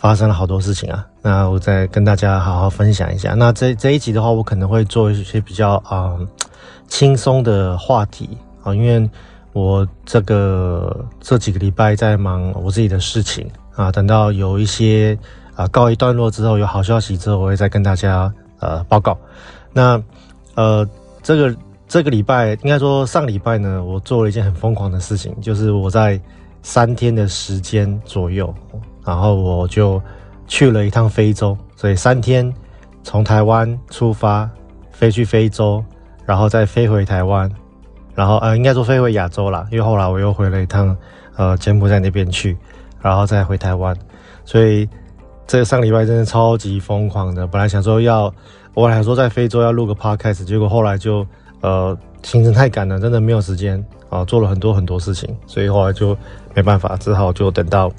發生了好多事情啊，那我再跟大家好好分享一下。那這這一集的話，我可能會做一些比較啊輕鬆的話題啊，因為我這個這幾個禮拜在忙我自己的事情啊，等到有一些啊告一段落之後，有好消息之後，我會再跟大家呃報告。那呃這個這個禮拜，應該說上禮拜呢，我做了一件很瘋狂的事情，就是我在三天的時間左右。然後我就去了一趟非洲，所以三天從台灣出發飛去非洲，然後再飛回台灣，然後呃，應該說飛回亞洲了，因為後來我又回了一趟呃柬埔寨那邊去，然後再回台灣，所以這個上個禮拜真的超級瘋狂的。本來想說要，我本來想說在非洲要錄個 podcast，結果後來就呃行程太趕了，真的沒有時間啊，呃，做了很多很多事情，所以後來就沒辦法，只好就等到。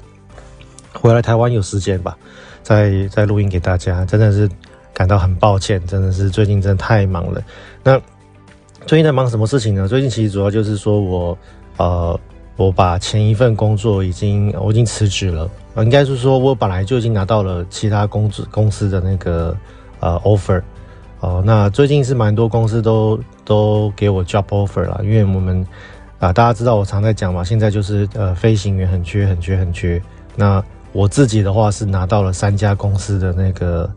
回來台灣有時間吧，再再錄音給大家，真的是感到很抱歉，真的是最近真的太忙了。那最近在忙什麼事情呢？最近其實主要就是說我，呃，我把前一份工作已經，我已經辭職了。應該是說我本來就已經拿到了其他工作公司的那個呃 offer 哦、呃。那最近是蠻多公司都都給我 job offer 了，因為我們啊、嗯呃，大家知道我常在講嘛，現在就是呃飛行員很缺，很缺，很缺。那我自己的話是拿到了三家公司的那個，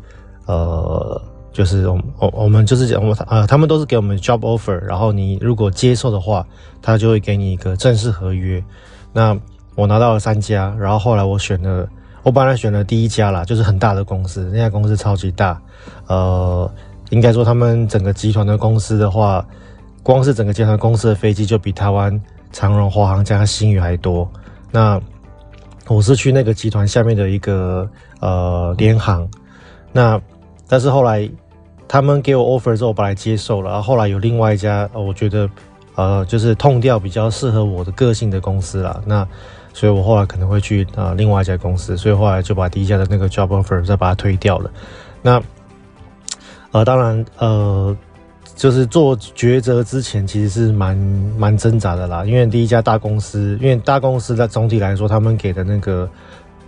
呃，就是我我我們就是講我呃，他們都是給我們 job offer，然後你如果接受的話，他就會給你一個正式合約。那我拿到了三家，然後後來我選了，我本來選了第一家啦，就是很大的公司，那家公司超級大，呃，應該說他們整個集團的公司的話，光是整個集團公司的飛機就比台灣長榮、華航加星宇還多。那我是去那個集團下面的一個呃聯航，那但是後來他們給我 offer 之後，我把它接受了，然後後來有另外一家，我覺得呃就是 tone 調比較適合我的個性的公司了，那所以我後來可能會去啊、呃、另外一家公司，所以後來就把第一家的那個 job offer 再把它推掉了。那呃當然呃。就是做抉擇之前，其實是蠻蠻掙扎的啦。因為第一家大公司，因為大公司的總體來說，他們給的那個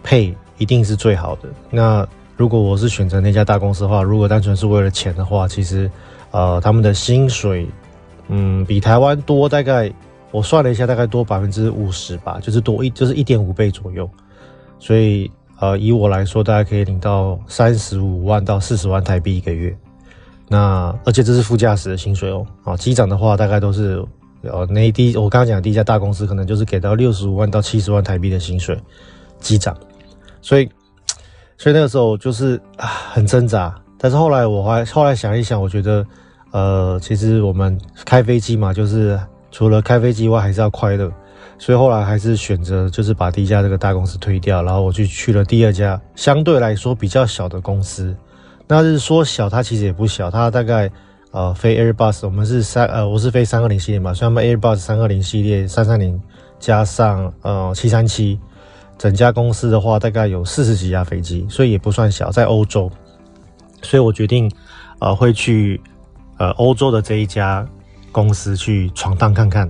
pay 一定是最好的。那如果我是選擇那家大公司的話，如果單純是為了錢的話，其實呃，他們的薪水嗯比台灣多大概，我算了一下，大概多百分之五十吧，就是多一就是一點五倍左右。所以呃，以我來說，大概可以領到三十五萬到四十萬台幣一個月。那而且這是副駕駛的薪水哦。啊、哦，機長的話大概都是，呃、哦，那一第一我剛剛講第一家大公司可能就是給到六十五萬到七十萬台幣的薪水，機長，所以所以那個時候就是啊很掙扎，但是後來我還後來想一想，我覺得呃其實我們開飛機嘛，就是除了開飛機外還是要快樂，所以後來還是選擇就是把第一家這個大公司推掉，然後我就去了第二家相對來說比較小的公司。那是說小，它其實也不小。它大概呃飛 Airbus，我們是三呃我是飛三二零系列嘛，所以他們 Airbus 三二零系列，三三零加上呃七三七，整家公司的話大概有四十幾架飛機，所以也不算小，在歐洲。所以我決定呃會去呃歐洲的這一家公司去闖蕩看看。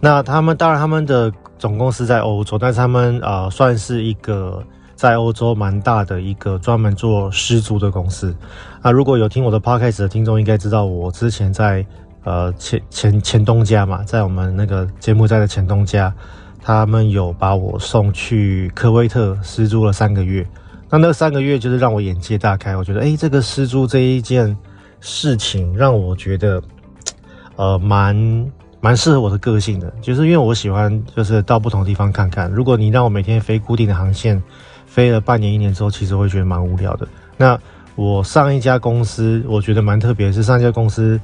那他們當然他們的總公司在歐洲，但是他們呃算是一個。在歐洲蠻大的一個專門做濕租的公司。啊，如果有聽我的 podcast 的聽眾，應該知道我之前在呃前前前東家嘛，在我們那個柬埔寨的前東家，他們有把我送去科威特濕租了三個月。那那三個月就是讓我眼界大開。我覺得，哎，這個濕租這一件事情讓我覺得，呃，蠻蠻，蠻適合我的個性的。就是因為我喜歡，就是到不同的地方看看。如果你讓我每天飛固定的航線，飛了半年一年之後，其實會覺得蠻無聊的。那我上一家公司，我覺得蠻特別，是上一家公司，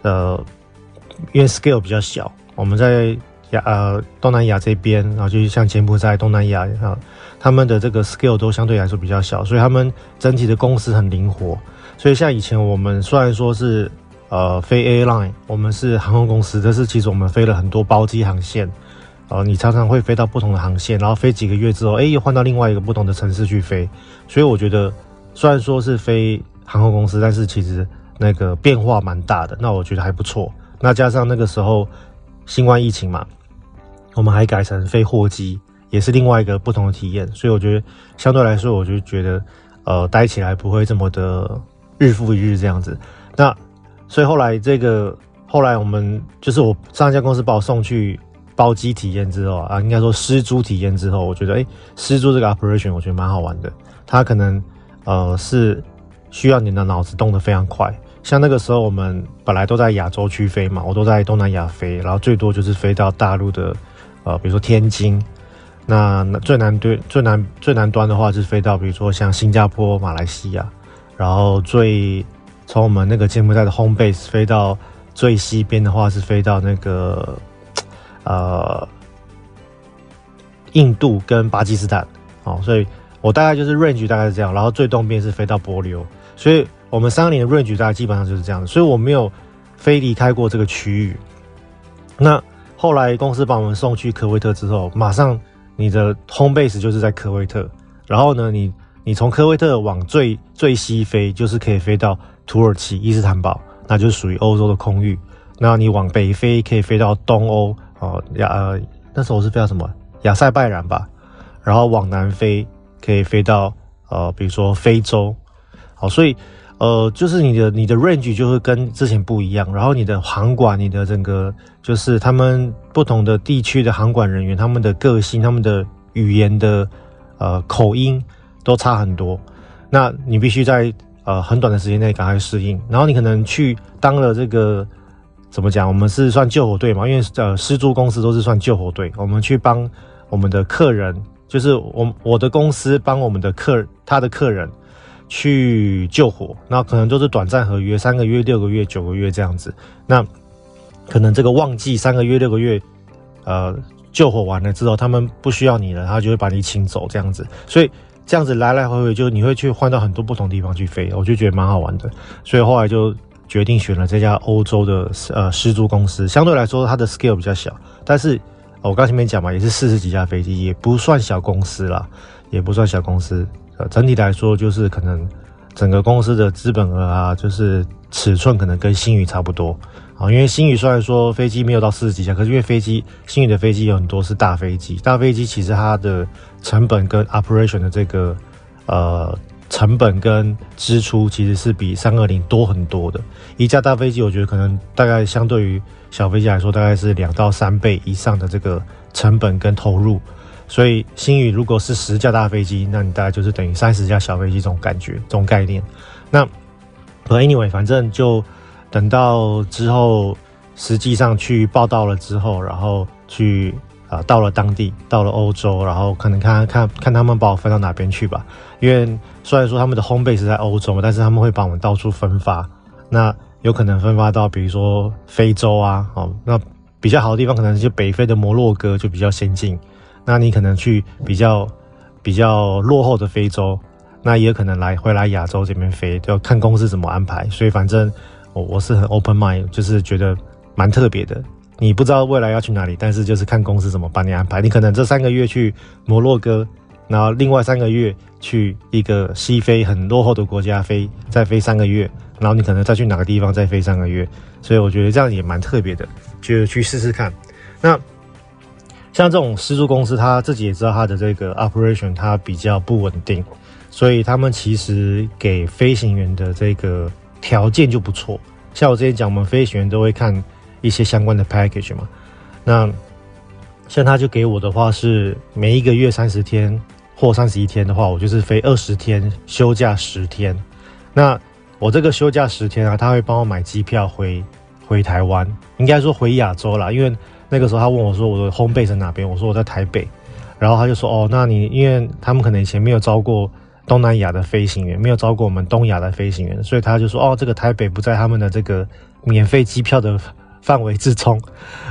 呃，因為 scale 比較小，我們在亞呃東南亞這邊，然後就像柬埔寨、東南亞啊，他們的這個 scale 都相對來說比較小，所以他們整體的公司很靈活。所以像以前我們雖然說是呃飛 airline 我們是航空公司，但是其實我們飛了很多包機航線。哦、呃，你常常會飛到不同的航線，然後飛幾個月之後，哎，又換到另外一個不同的城市去飛。所以我覺得，雖然說是飛航空公司，但是其實那個變化蠻大的。那我覺得還不錯。那加上那個時候新冠疫情嘛，我們還改成飛貨機，也是另外一個不同的體驗。所以我覺得，相對來說，我就覺得，呃，待起來不會這麼的日復一日這樣子。那所以後來這個，後來我們就是我上一家公司把我送去。包機體驗之後啊，應該說濕租體驗之後，我覺得誒，濕、欸、租這個 operation 我覺得蠻好玩的。它可能呃是需要你的腦子動得非常快。像那個時候我們本來都在亞洲區飛嘛，我都在東南亞飛，然後最多就是飛到大陸的呃，比如說天津。那最南端、最南、最南端的話就是飛到，比如說像新加坡、馬來西亞。然後最從我們那個柬埔寨的 home base 飛到最西邊的話是飛到那個。呃，印度跟巴基斯坦哦，所以我大概就是 range 大概是這樣，然後最東邊是飛到帛琉，所以我們三年的 range 大概基本上就是這樣，所以我沒有飛離開過這個區域。那後來公司把我們送去科威特之後，馬上你的 home base 就是在科威特，然後呢，你你從科威特往最最西飛，就是可以飛到土耳其伊斯坦堡，那就是屬於歐洲的空域。那你往北飛，可以飛到東歐。亞呃，那時候我是飛到什麼亞塞拜然吧，然後往南飛可以飛到呃，比如說非洲。好，所以呃，就是你的你的 range 就是跟之前不一樣，然後你的航管，你的整個就是他們不同的地區的航管人員，他們的個性、他們的語言的呃口音都差很多。那你必須在呃很短的時間內趕快適應，然後你可能去當了這個。怎麼講？我們是算救火隊嘛？因為呃，濕租公司都是算救火隊，我們去幫我們的客人，就是我我的公司幫我們的客他的客人去救火，那可能都是短暫合約，三個月、六個月、九個月這樣子。那可能這個旺季三個月、六個月，呃，救火完了之後，他們不需要你了，他就會把你請走這樣子。所以這樣子來來回回，就你會去換到很多不同地方去飛，我就覺得蠻好玩的。所以後來就。決定選了這家歐洲的呃濕租公司，相對來說它的 scale 比較小，但是我剛前面講嘛，也是四十幾架飛機，也不算小公司啦，也不算小公司，呃、整體來說就是可能整個公司的資本額啊，就是尺寸可能跟星宇差不多啊，呃。因為星宇雖然說飛機沒有到四十幾架，可是因為飛機星宇的飛機有很多是大飛機，大飛機其實它的成本跟 operation 的這個呃。成本跟支出其實是比三二零多很多的。一架大飛機，我覺得可能大概相對於小飛機來說，大概是兩到三倍以上的這個成本跟投入。所以，星宇如果是十架大飛機，那你大概就是等於三十架小飛機這種感覺、這種概念。那，But anyway，反正就等到之後實際上去報道了之後，然後去啊、呃，到了當地，到了歐洲，然後可能看看看，看他們把我分到哪邊去吧。因為雖然說他們的 home base 在歐洲，但是他們會把我們到處分發，那有可能分發到比如說非洲啊，好，那比較好的地方可能就北非的摩洛哥就比較先進，那你可能去比較比較落後的非洲，那也有可能來會來亞洲這邊飛，就看公司怎麼安排。所以反正我我是很 open mind，就是覺得蠻特別的。你不知道未來要去哪裡，但是就是看公司怎麼幫你安排。你可能這三個月去摩洛哥。然後另外三個月去一個西非很落後的國家飛，再飛三個月，然後你可能再去哪個地方再飛三個月，所以我覺得這樣也蠻特別的，就去試試看。那像這種濕租公司，他自己也知道他的這個 operation 他比較不穩定，所以他們其實給飛行員的這個條件就不錯。像我之前講，我們飛行員都會看一些相關的 package 嘛。那像他就給我的話是每一個月三十天。破三十一天的話，我就是飛二十天，休假十天。那我這個休假十天啊，他會幫我買機票回回台灣，應該說回亞洲啦。因為那個時候他問我說我的：“我說 home base 在哪邊？”我說：“我在台北。”然後他就說：“哦，那你因為他們可能以前沒有招過東南亞的飛行員，沒有招過我們東亞的飛行員，所以他就說：哦，這個台北不在他們的這個免費機票的範圍之中。”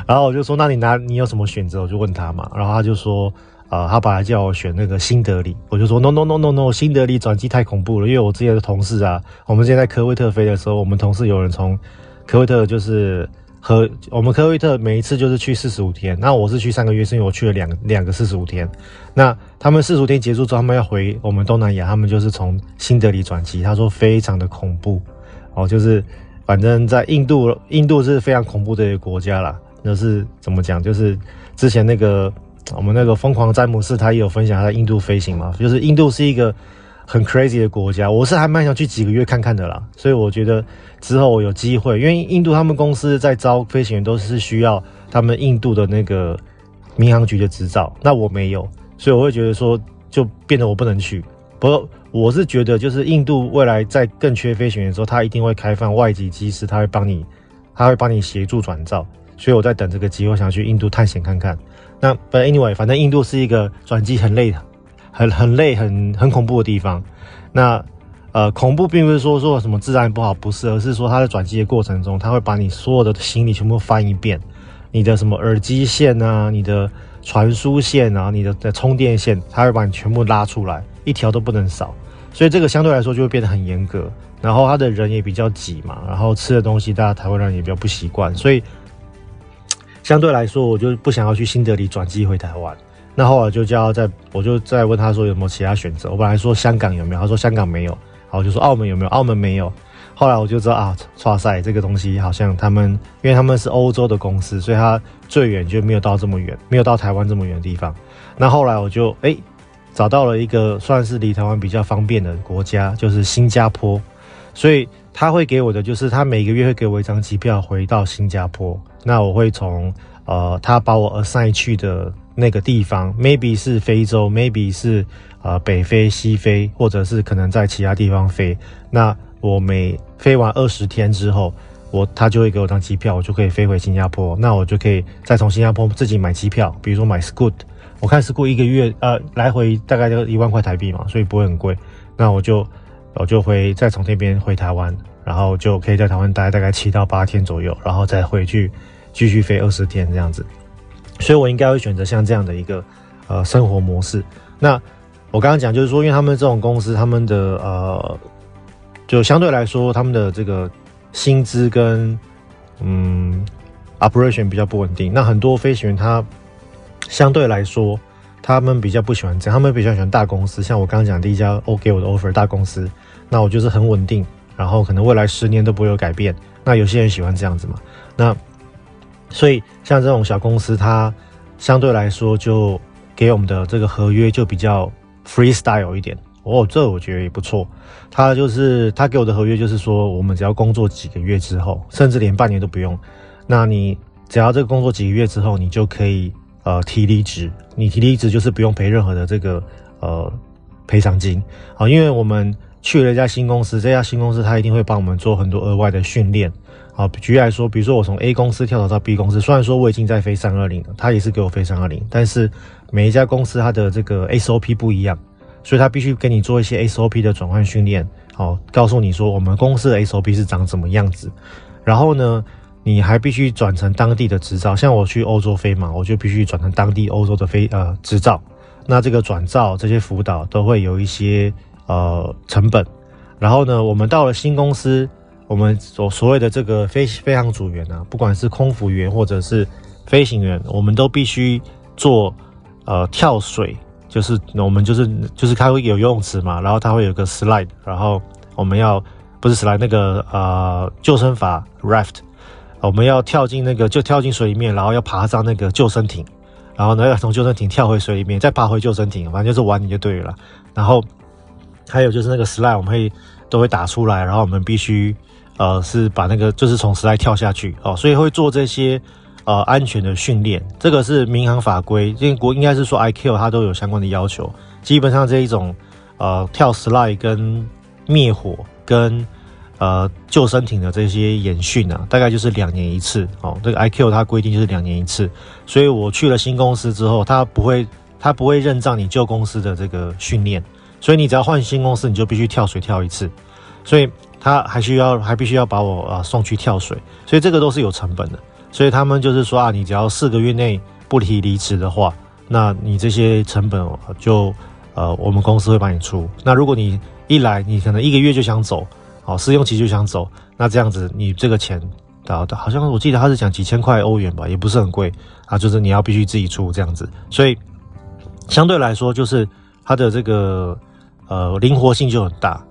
然後我就說：“那你拿你有什麼選擇？”我就問他嘛，然後他就說。啊、呃，他本來叫我選那個新德里，我就說 no, no no no no no，新德里轉機太恐怖了，因為我之前的同事啊，我們現在在科威特飛的時候，我們同事有人從科威特就是和我們科威特每一次就是去四十五天，那我是去三個月，所以我去了兩兩個四十五天。那他們四十五天結束之後，他們要回我們東南亞，他們就是從新德里轉機，他說非常的恐怖哦，就是反正在印度，印度是非常恐怖的一個國家啦，那、就是怎麼講？就是之前那個。我們那個瘋狂詹姆斯他也有分享他在印度飛行嘛，就是印度是一個很 crazy 的國家，我是還蠻想去幾個月看看的啦。所以我覺得之後我有機會，因為印度他們公司在招飛行員都是需要他們印度的那個民航局的執照，那我沒有，所以我會覺得說就變得我不能去。不過我是覺得就是印度未來在更缺飛行員的時候，他一定會開放外籍機師，他會幫你，他會幫你協助轉照。所以我在等這個機會，我想去印度探險看看。那 but anyway，反正印度是一個轉機很累的，很很累，很累很，很恐怖的地方。那呃，恐怖並不是說說什麼治安不好不、不是，而是說它在轉機的過程中，它會把你所有的行李全部翻一遍，你的什麼耳機線啊，你的傳輸線啊，你的充電線，它會把你全部拉出來，一條都不能少。所以這個相對來說就會變得很嚴格。然後它的人也比較擠嘛，然後吃的東西大家台灣人也比較不習慣，所以。相對來說，我就不想要去新德里轉機回台灣。那後來就叫在，我就再問他說有沒有其他選擇。我本來說香港有沒有，他說香港沒有。然後就說澳門有沒有，澳門沒有。後來我就知道啊哇塞，這個東西好像他們，因為他們是歐洲的公司，所以他最遠就沒有到這麼遠，沒有到台灣這麼遠的地方。那後來我就誒找到了一個算是離台灣比較方便的國家，就是新加坡。所以他會給我的就是他每個月會給我一張機票回到新加坡。那我會從，呃，他把我 assign 去的那個地方，maybe 是非洲，maybe 是呃北非、西非，或者是可能在其他地方飛。那我每飛完二十天之後，我，他就會給我張機票，我就可以飛回新加坡。那我就可以再從新加坡自己買機票，比如說買 Scoot。我看 Scoot 一個月呃來回大概就一萬塊台幣嘛，所以不會很貴。那我就。我就回，再從那邊回台灣，然後就可以在台灣待大概七到八天左右，然後再回去繼續飛二十天這樣子。所以我應該會選擇像這樣的一個呃生活模式。那我剛剛講就是說，因為他們這種公司，他們的呃，就相對來說，他們的這個薪資跟嗯 operation 比較不穩定。那很多飛行員他相對來說，他們比較不喜歡這樣，他們比較喜歡大公司，像我剛剛講第一家 O、OK, 給我的 offer 大公司。那我就是很穩定，然後可能未來十年都不會有改變。那有些人喜歡這樣子嘛。那所以像這種小公司，它相對來說就給我們的這個合約就比較 freestyle 一點哦。這我覺得也不錯。他就是他給我的合約，就是說我們只要工作幾個月之後，甚至連半年都不用。那你只要這個工作幾個月之後，你就可以呃提離職，你提離職就是不用賠任何的這個呃賠償金啊，因為我們。去了一家新公司，這家新公司他一定會幫我們做很多額外的訓練。好，舉例來說，比如說我從 A 公司跳槽到 B 公司，雖然說我已經在飛三二零了，他也是給我飛三二零，但是每一家公司他的這個 SOP 不一樣，所以他必須跟你做一些 SOP 的轉換訓練。好，告訴你說我們公司的 SOP 是長什麼樣子，然後呢，你還必須轉成當地的執照。像我去歐洲飛嘛，我就必須轉成當地歐洲的飛，呃，執照。那這個轉照，這些輔導都會有一些。呃，成本。然後呢，我們到了新公司，我們所所謂的這個飛行飛行組員呢、啊，不管是空服員或者是飛行員，我們都必須做呃跳水，就是我們就是就是他會有個游泳池嘛，然後它會有個 slide，然後我們要不是 slide 那個呃救生筏 raft，我們要跳進那個就跳進水裡面，然後要爬上那個救生艇，然後呢要從救生艇跳回水裡面，再爬回救生艇，反正就是玩你就對了，然後。還有就是那個 slide，我們會都會打出來，然後我們必須呃是把那個就是從 slide 跳下去哦，所以會做這些呃安全的訓練。這個是民航法規，英國應該是說 IQ 它都有相關的要求。基本上這一種呃跳 slide 跟滅火跟呃救生艇的這些演訓啊，大概就是兩年一次哦。這個 IQ 它規定就是兩年一次，所以我去了新公司之後，它不會它不會認賬你舊公司的這個訓練。所以你只要換新公司，你就必須跳水跳一次，所以他還需要還必須要把我啊送去跳水，所以這個都是有成本的。所以他們就是說啊，你只要四個月內不提離職的話，那你這些成本就呃我們公司會幫你出。那如果你一來你可能一個月就想走，哦，試用期就想走，那這樣子你這個錢好像我記得他是講幾千塊歐元吧，也不是很貴啊，就是你要必須自己出這樣子。所以相對來說就是他的這個。呃，靈活性就很大。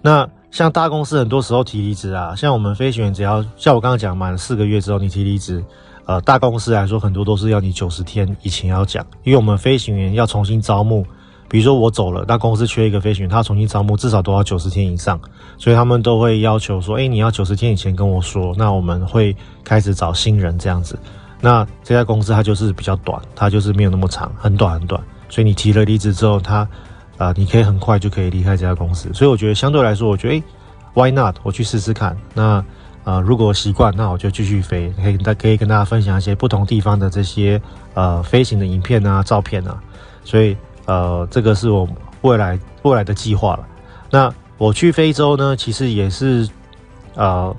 那像大公司，很多時候提離職啊，像我們飛行員，只要像我剛剛講，滿四個月之後你提離職，呃，大公司來說很多都是要你九十天以前要講，因為我們飛行員要重新招募，比如說我走了，大公司缺一個飛行員，他重新招募至少都要九十天以上，所以他們都會要求說，誒、欸，你要九十天以前跟我說，那我們會開始找新人這樣子。那這家公司它就是比較短，它就是沒有那麼長，很短很短，所以你提了離職之後，它。啊、呃，你可以很快就可以離開這家公司，所以我覺得相對來說，我覺得哎、欸，Why not？我去試試看。那呃，如果習慣，那我就繼續飛。可以，那可以跟大家分享一些不同地方的這些呃飛行的影片啊、照片啊。所以呃，這個是我未來未來的計劃了。那我去非洲呢，其實也是呃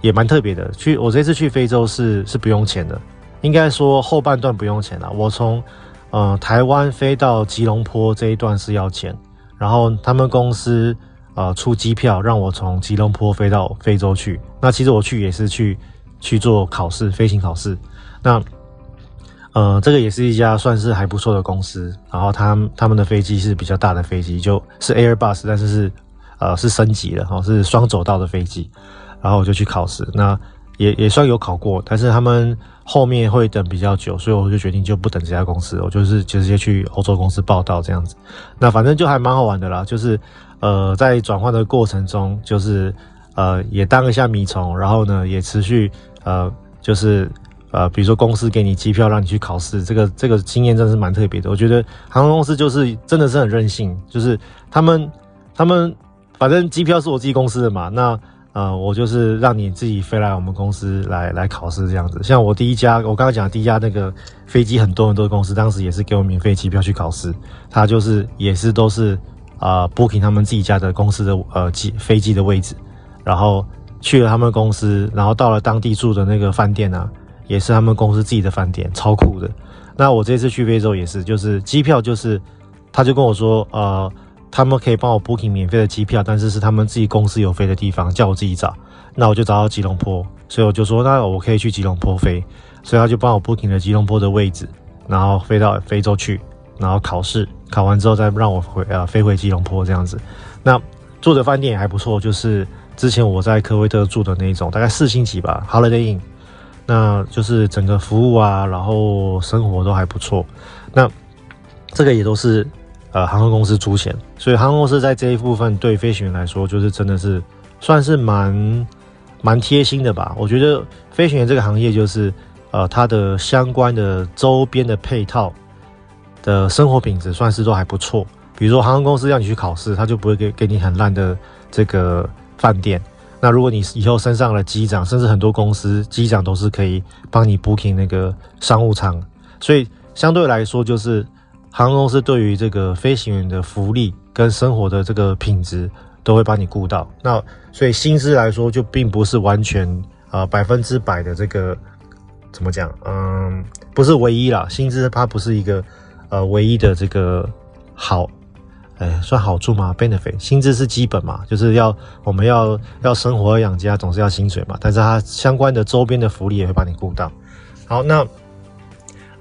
也蠻特別的。去我這次去非洲是是不用錢的，應該說後半段不用錢了。我從呃，台灣飛到吉隆坡這一段是要錢，然後他們公司呃出機票讓我從吉隆坡飛到非洲去。那其實我去也是去去做考試，飛行考試。那呃，這個也是一家算是還不錯的公司，然後他們他們的飛機是比較大的飛機，就是 Airbus，但是是呃是升級的，哦，是雙走道的飛機，然後我就去考試。那也也算有考過，但是他們後面會等比較久，所以我就決定就不等這家公司，我就是直接去歐洲公司報到這樣子。那反正就還蠻好玩的啦，就是呃在轉換的過程中，就是呃也當一下米蟲，然後呢也持續呃就是呃比如說公司給你機票讓你去考試，這個這個經驗真的是蠻特別的。我覺得航空公司就是真的是很任性，就是他們他們反正機票是我自己公司的嘛，那。啊、嗯，我就是讓你自己飛來我們公司來來考試這樣子。像我第一家，我剛剛講第一家那個飛機很多很多的公司，當時也是給我免費機票去考試。他就是也是都是啊、呃，booking 他們自己家的公司的呃機飛機的位置，然後去了他們公司，然後到了當地住的那個飯店啊，也是他們公司自己的飯店，超酷的。那我這次去非洲也是，就是機票就是，他就跟我說啊。呃他們可以幫我 booking 免費的機票，但是是他們自己公司有飛的地方，叫我自己找。那我就找到吉隆坡，所以我就說，那我可以去吉隆坡飛。所以他就幫我 booking 了吉隆坡的位置，然後飛到非洲去，然後考試，考完之後再讓我回啊，飛回吉隆坡這樣子。那住的飯店也還不錯，就是之前我在科威特住的那種，大概四星級吧，Holiday Inn。那就是整個服務啊，然後生活都還不錯。那這個也都是。呃，航空公司出錢，所以航空公司在這一部分對飛行員來說，就是真的是算是蠻蠻貼心的吧。我覺得飛行員這個行業，就是呃，他的相關的周邊的配套的生活品質，算是都還不錯。比如說航空公司讓你去考試，他就不會給給你很爛的這個飯店。那如果你以後升上了機長，甚至很多公司機長都是可以幫你 booking 那個商務艙，所以相對來說就是。航空公司對於這個飛行員的福利跟生活的這個品質，都會幫你顧到。那所以薪資來說，就並不是完全呃百分之百的這個怎麼講？嗯，不是唯一啦。薪資它不是一個呃唯一的這個好，哎、欸，算好處嘛，benefit。薪資是基本嘛，就是要我們要要生活要養家，總是要薪水嘛。但是它相關的周邊的福利也會幫你顧到。好，那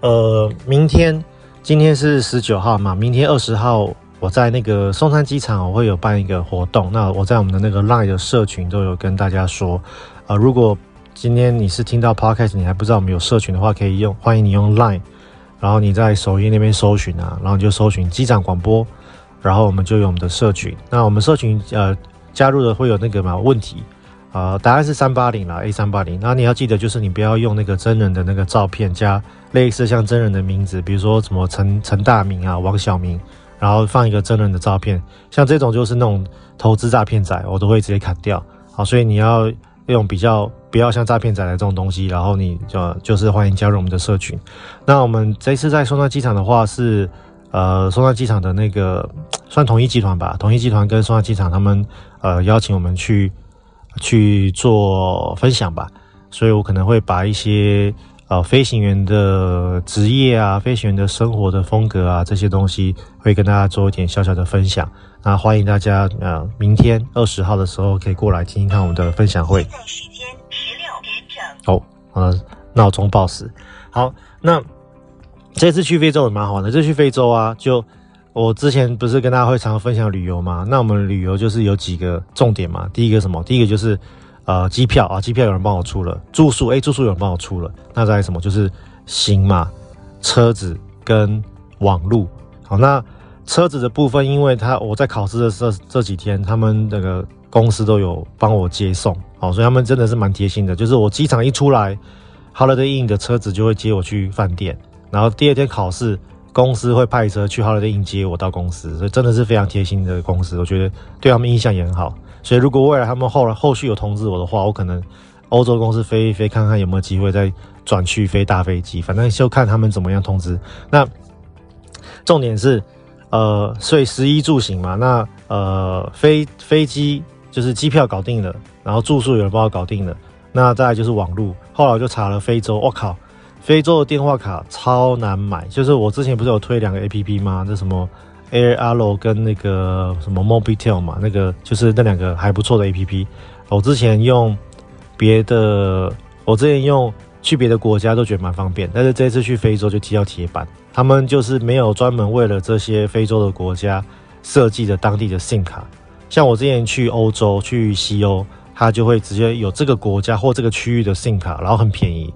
呃明天。今天是十九號嘛，明天二十號，我在那個松山機場，我會有辦一個活動。那我在我們的那個 Line 的社群都有跟大家說，呃，如果今天你是聽到 Podcast，你還不知道我們有社群的話，可以用，歡迎你用 Line，然後你在首頁那邊搜尋啊，然後你就搜尋機長廣播，然後我們就有我們的社群。那我們社群呃加入的會有那個嘛問題。啊、呃，答案是三八零啦 A 三八零。A380, 那你要記得，就是你不要用那個真人的那個照片，加類似像真人的名字，比如說什麼陳陳大明啊、王小明，然後放一個真人的照片，像這種就是那種投資詐騙仔，我都會直接砍掉。好，所以你要用比較不要像詐騙仔的這種東西，然後你就就是歡迎加入我們的社群。那我們這次在松山機場的話是，是呃松山機場的那個算統一集團吧，統一集團跟松山機場他們呃邀請我們去。去做分享吧，所以我可能會把一些呃飛行員的職業啊、飛行員的生活的風格啊這些東西，會跟大家做一點小小的分享。那歡迎大家，呃，明天二十號的時候可以過來聽聽看我們的分享會。現在時間十六點整。哦、oh, 嗯，鬧鐘報時。好，那這次去非洲也蠻好玩的。這次去非洲啊，就。我之前不是跟大家會常常分享旅遊嗎？那我們旅遊就是有幾個重點嘛。第一個什麼？第一個就是，呃，機票啊，機票有人幫我出了，住宿哎、欸，住宿有人幫我出了。那再來什麼？就是行嘛，車子跟網路。好，那車子的部分，因為他我在考試的這這幾天，他們那個公司都有幫我接送，好，所以他們真的是蠻貼心的。就是我機場一出來，Holiday Inn 的車子就會接我去飯店，然後第二天考試。公司會派車去好爾再迎接我到公司，所以真的是非常貼心的公司，我覺得對他們印象也很好。所以如果未來他們後來後續有通知我的話，我可能歐洲公司飛一飛，看看有沒有機會再轉去飛大飛機。反正就看他們怎麼樣通知。那重點是，呃，所以食衣住行嘛，那呃，飛飛機就是機票搞定了，然後住宿也幫我搞定了，那再來就是網路，後來我就查了非洲，我靠。非洲的電話卡超難買，就是我之前不是有推兩個 A P P 嗎？那什麼 Airalo 跟那個什麼 Mobitel 嘛，那個就是那兩個還不錯的 A P P。我之前用別的，我之前用去別的國家都覺得蠻方便，但是這一次去非洲就踢到鐵板。他們就是沒有專門為了這些非洲的國家設計的當地的 SIM 卡，像我之前去歐洲去西歐，它就會直接有這個國家或這個區域的 SIM 卡，然後很便宜，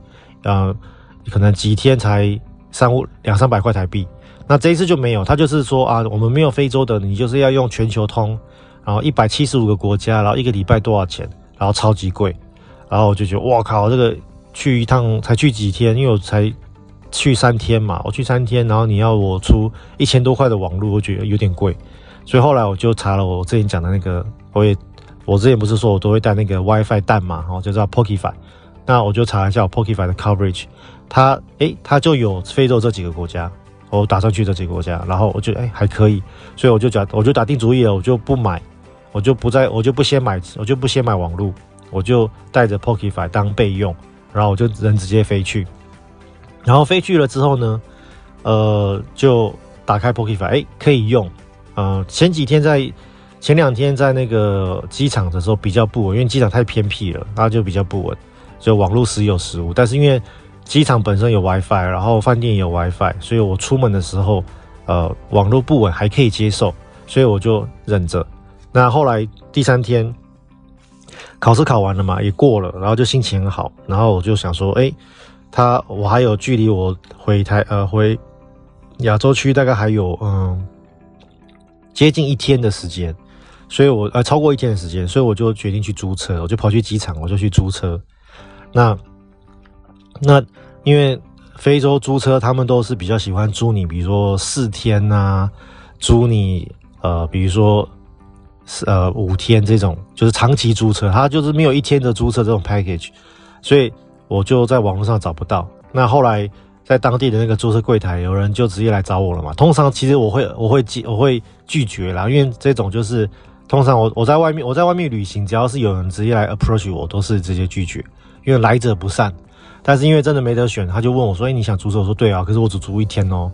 可能幾天才三五兩三百塊台幣，那這一次就沒有，他就是說啊，我們沒有非洲的，你就是要用全球通，然後一百七十五個國家，然後一個禮拜多少錢，然後超級貴，然後我就覺得哇靠，這個去一趟才去幾天，因為我才去三天嘛，我去三天，然後你要我出一千多塊的網絡，我覺得有點貴，所以後來我就查了我之前講的那個，我也我之前不是說我都會帶那個 WiFi 蛋嘛，然後就叫 PokeFi 那我就查一下 PokeFi 的 coverage。他誒，他、欸、就有非洲這幾個國家，我打算去這幾個國家，然後我覺得、欸、還可以，所以我就決我就打定主意了，我就不買，我就不再，我就不先買，我就不先買網絡，我就帶着 PokeFi 當備用，然後我就人直接飛去，然後飛去了之後呢，呃，就打開 PokeFi，欸、可以用，嗯、呃，前幾天在前兩天在那個機場的時候比較不穩，因為機場太偏僻了，那就比較不穩，所以網絡時有時無，但是因為。機場本身有 WiFi，然後飯店也有 WiFi，所以我出門的時候，呃，網絡不穩還可以接受，所以我就忍着。那後來第三天考試考完了嘛，也過了，然後就心情很好，然後我就想說，哎、欸，他我還有距離，我回台呃回亞洲區大概還有嗯接近一天的時間，所以我呃超過一天的時間，所以我就決定去租車，我就跑去機場，我就去租車。那那因為非洲租車，他們都是比較喜歡租你，比如說四天啊，租你呃，比如說呃五天這種，就是長期租車，他就是沒有一天的租車這種 package，所以我就在網絡上找不到。那後來在當地的那個租車櫃檯，有人就直接來找我了嘛。通常其實我會我會拒我，我會拒絕啦，因為這種就是通常我我在外面我在外面旅行，只要是有人直接來 approach 我，我都是直接拒絕，因為來者不善。但是因為真的沒得選，他就問我說：“哎、欸，你想租車？”我說：“對啊，可是我只租一天哦。”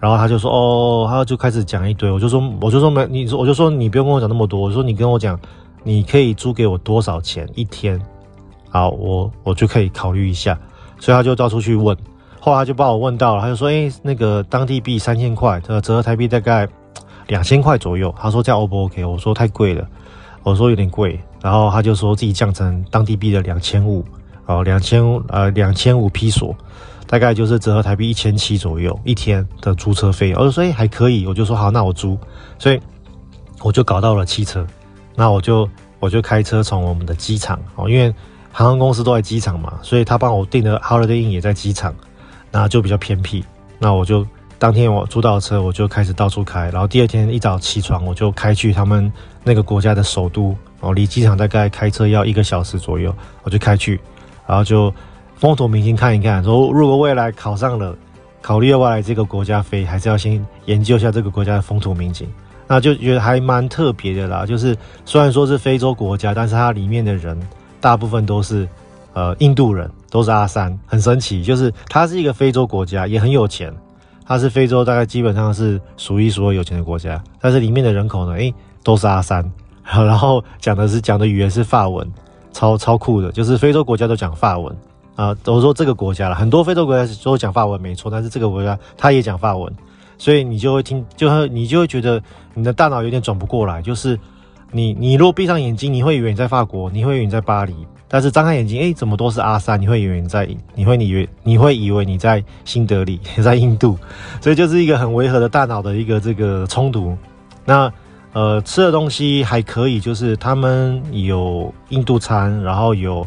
然後他就說：“哦，他就開始講一堆。”我就說：“我就說沒，你說我就說你不用跟我講那麼多。”我說：“你跟我講，你可以租給我多少錢一天？好，我我就可以考慮一下。”所以他就到處去問，後來他就幫我問到了。他就說：“哎、欸，那個當地幣三千塊，折合台幣大概兩千塊左右。”他說：“這樣 O 不 OK？” 我說：“太貴了。”我說：“有點貴。”然後他就說自己降成當地幣的兩千五。哦，兩千呃兩千五披索，大概就是折合台幣一千七左右一天的租車費。哦，所以、欸、還可以，我就說好，那我租，所以我就搞到了汽車。那我就我就開車從我們的機場哦，因為航空公司都在機場嘛，所以他幫我訂的 Holiday Inn 也在機場，那就比較偏僻。那我就當天我租到車，我就開始到處開。然後第二天一早起床，我就開去他們那個國家的首都哦，離機場大概開車要一個小時左右，我就開去。然後就風土民情看一看，說如果未來考上了，考慮要過來這個國家飛，還是要先研究一下這個國家的風土民情。那就覺得還蠻特別的啦，就是雖然說是非洲國家，但是它裡面的人大部分都是呃印度人，都是阿三，很神奇。就是它是一個非洲國家，也很有錢，它是非洲大概基本上是數一數二有錢的國家，但是裡面的人口呢，誒，都是阿三。然後講的是講的語言是法文。超超酷的，就是非洲國家都講法文啊！我、呃、說這個國家了，很多非洲國家都講法文，沒錯。但是這個國家他也講法文，所以你就會聽，就會你就會覺得你的大腦有點轉不過來。就是你你如果閉上眼睛，你會以為你在法國，你會以為你在巴黎。但是張開眼睛，哎、欸，怎麼都是阿三？你會以為你在，你會你以為你會以為你在新德里，在印度。所以就是一個很違和的大腦的一個這個衝突。那。呃，吃的東西還可以，就是他們有印度餐，然後有，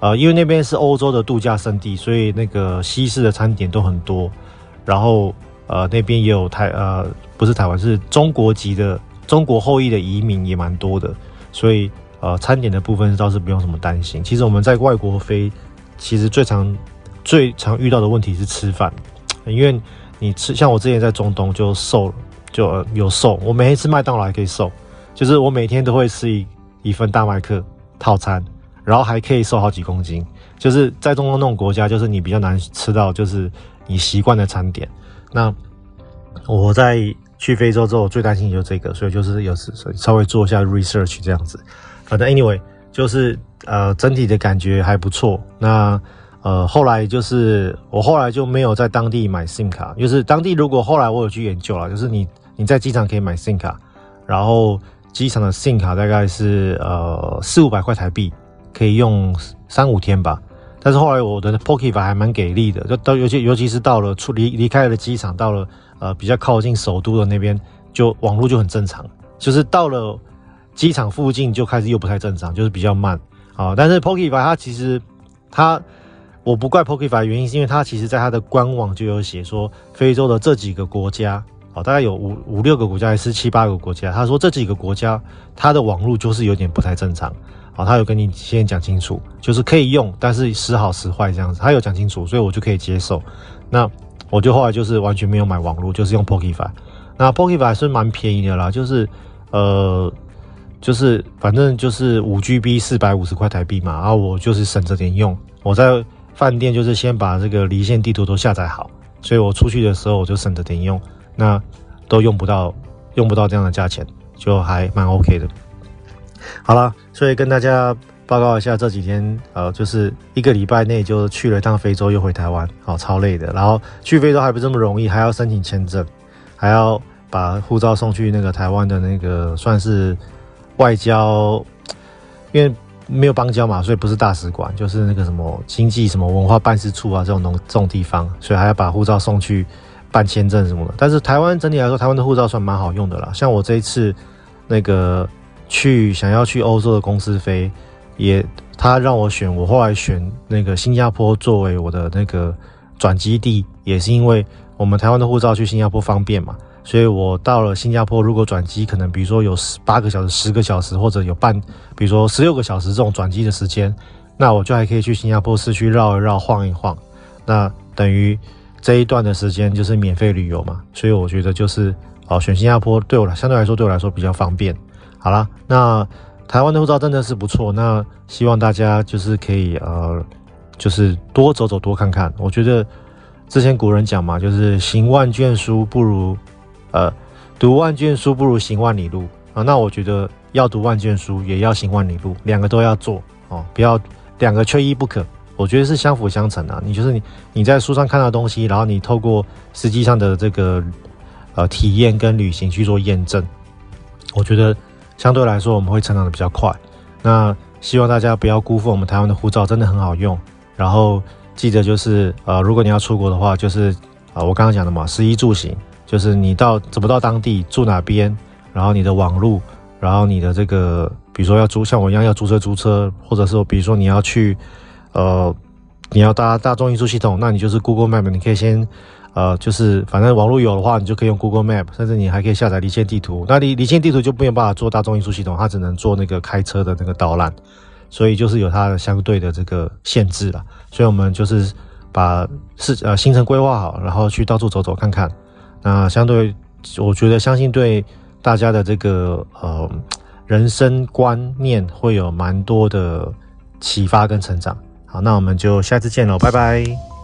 呃，因為那邊是歐洲的度假勝地，所以那個西式的餐點都很多。然後，呃，那邊也有台，呃，不是台灣，是中國籍的中國後裔的移民也蠻多的，所以，呃，餐點的部分倒是不用什麼擔心。其實我們在外國飛，其實最常、最常遇到的問題是吃飯，因為你吃，像我之前在中東就瘦了。就、呃、有瘦，我每天吃麥當勞還可以瘦，就是我每天都會吃一一份大麥克套餐，然後還可以瘦好幾公斤。就是在中東那種國家，就是你比較難吃到就是你習慣的餐點。那我在去非洲之後，我最擔心就是這個，所以就是有時稍微做一下 research 這樣子。反、呃、正 anyway，就是呃整體的感覺還不錯。那呃後來就是我後來就沒有在當地買 sim 卡，就是當地如果後來我有去研究了，就是你。你在機場可以買 SIM 卡，然後機場的 SIM 卡大概是呃四五百塊台幣，可以用三五天吧。但是後來我的 PokeFi 還蠻給力的，就到尤其尤其是到了出離離開了機場，到了呃比較靠近首都的那邊，就網絡就很正常。就是到了機場附近就開始又不太正常，就是比較慢。啊，但是 PokeFi 它其實它我不怪 PokeFi 的原因是因為它其實在它的官網就有寫說非洲的這幾個國家。好，大概有五五六個國家還是七八個國家，他說這幾個國家他的網絡就是有點不太正常。好，他有跟你先講清楚，就是可以用，但是時好時壞這樣子，他有講清楚，所以我就可以接受。那我就後來就是完全沒有買網絡，就是用 PokeFi 那 PokeFi 還是蠻便宜的啦，就是呃，就是反正就是五 GB 四百五十塊台幣嘛，然後我就是省着點用。我在飯店就是先把這個離線地圖都下載好，所以我出去的時候我就省着點用。那都用不到，用不到這樣的價錢，就還蠻 OK 的。好啦，所以跟大家報告一下，這幾天呃，就是一個禮拜內就去了一趟非洲，又回台灣，哦，超累的。然後去非洲還不這麼容易，還要申請簽證，還要把護照送去那個台灣的那個算是外交，因為沒有邦交嘛，所以不是大使館，就是那個什麼經濟什麼文化辦事處啊這種農這種地方，所以還要把護照送去。辦簽證什麼的，但是台灣整體來說，台灣的護照算蠻好用的啦。像我這一次，那個去想要去歐洲的公司飛，也他讓我選，我後來選那個新加坡作為我的那個轉機地，也是因為我們台灣的護照去新加坡方便嘛。所以我到了新加坡，如果轉機可能，比如說有八個小時、十個小時，或者有半，比如說十六個小時這種轉機的時間，那我就還可以去新加坡市區繞一繞、晃一晃，那等於。這一段的時間就是免費旅遊嘛，所以我覺得就是哦，選新加坡對我來相對來說，對我來說比較方便。好了，那台灣的護照真的是不錯，那希望大家就是可以呃，就是多走走，多看看。我覺得之前古人講嘛，就是行萬卷書不如呃讀萬卷書不如行萬里路啊。那我覺得要讀萬卷書也要行萬里路，兩個都要做哦，不要兩個缺一不可。我覺得是相輔相成的、啊，你就是你你在書上看到的東西，然後你透過實際上的這個呃體驗跟旅行去做驗證。我覺得相對來說我們會成長的比較快。那希望大家不要辜負我們台灣的護照，真的很好用。然後記得就是呃，如果你要出國的話，就是啊、呃、我剛剛講的嘛，食衣住行，就是你到怎麼到當地住哪邊，然後你的網絡，然後你的這個比如說要租像我一樣要租車租車，或者是比如說你要去。呃，你要搭大眾運輸系統，那你就是 Google Map，你可以先，呃，就是反正網絡有的話，你就可以用 Google Map，甚至你還可以下載離線地圖。那離離線地圖就沒有辦法做大眾運輸系統，它只能做那個開車的那個導覽，所以就是有它的相對的這個限制了。所以我們就是把事呃行程規劃好，然後去到處走走看看。那相對，我覺得相信對大家的這個呃人生觀念會有蠻多的啟發跟成長。好，那我們就下次見嘍，拜拜。